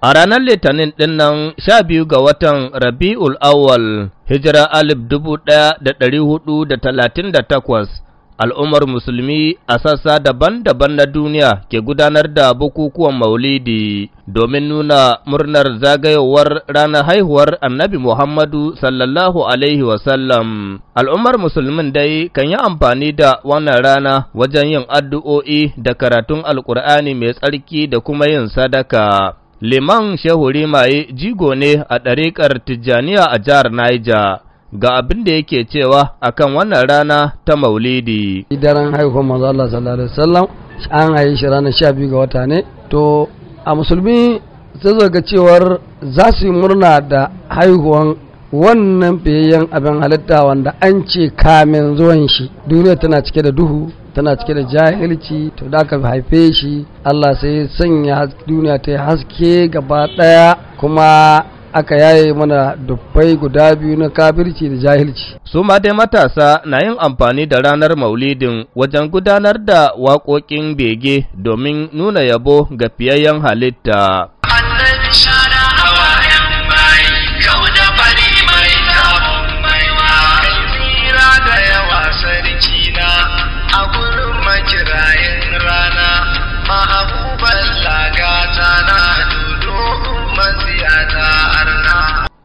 A ranar Litinin ɗin sha biyu ga watan Rabi'ul Awwal hijira alif dubu ɗaya da ɗari hudu da talatin da takwas al'ummar musulmi a sassa daban-daban na duniya ke gudanar da bukukuwan maulidi domin nuna murnar zagayowar ranar haihuwar annabi Muhammadu sallallahu Alaihi wasallam. Al'ummar musulmin dai kan yi amfani da wannan rana wajen yin addu'o'i da karatun Alƙur'ani mai tsarki da kuma yin sadaka. Liman Shehuri Rimaye jigo ne a ɗariƙar Tijjaniya a jihar Niger ga abin da yake cewa akan wannan rana ta Maulidi. Daren haihuwar manzo Allah sallallahu alaihi wasallam an haihu shi ranar 12 ga wata ne to a musulmi sai zo ga cewar za su yi murna da haihuwan wannan fiyayyen abin halitta wanda an ce kamin zuwan shi duniya tana cike da duhu tana cike da jahilci to da aka haife shi Allah sai sanya duniya ta haske gaba daya kuma aka yaye mana dubbai guda biyu na kafirci da jahilci. Su ma dai matasa na yin amfani da ranar maulidin wajen gudanar da waƙoƙin bege domin nuna yabo ga fiyayyen halitta.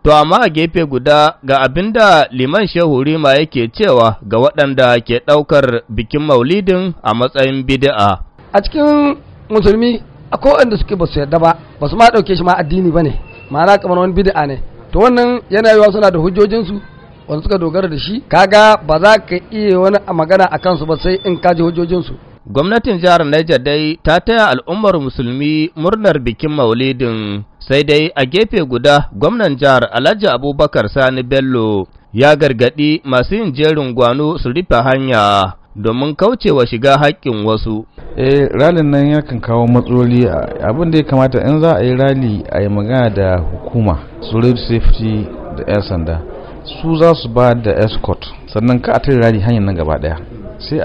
To amma a gefe guda ga abin da liman shehu rima yake cewa ga waɗanda ke ɗaukar bikin maulidin a matsayin bidi'a. A cikin musulmi akwai waɗanda suke ba su yarda ba ba su ma ɗauke shi ma addini ba ne ma'ana kamar wani bida'a ne to wannan yana suna da hujjojinsu wanda suka dogara da shi kaga ba za ka iya wani magana a kansu ba sai in ka ji hujjojinsu Gwamnatin jihar Niger dai ta taya al'ummar musulmi murnar bikin maulidin sai dai a gefe guda gwamnan jihar Alhaji Abubakar Sani Bello ya gargaɗi masu yin jerin gwano su rufe hanya domin kaucewa shiga haƙƙin wasu. e ralin nan kan kawo matsaloli abin da ya kamata in za a yi rali a yi magana da hukuma su safety da 'yan sanda. su za su ba da escort sannan ka a tare rali hanyar nan gaba daya sai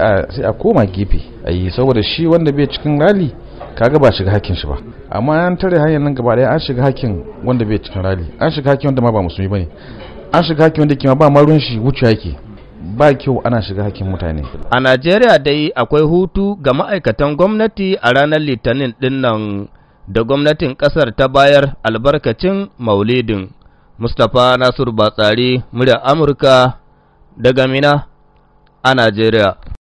a koma gefe a yi saboda shi wanda bai cikin rali kaga ba shiga hakin shi ba amma an tare hanyar nan gaba daya an shiga hakin wanda bai cikin rali an shiga hakin wanda ma ba musulmi bane an shiga hakin wanda kima ba marun shi wuce yake ba kyau ana shiga hakkin mutane. A Najeriya dai akwai hutu ga ma'aikatan gwamnati a ranar Litinin dinnan nan da gwamnatin kasar ta bayar albarkacin Maulidin. Mustapha Nasiru Batsari, murya Amurka daga Mina a Najeriya.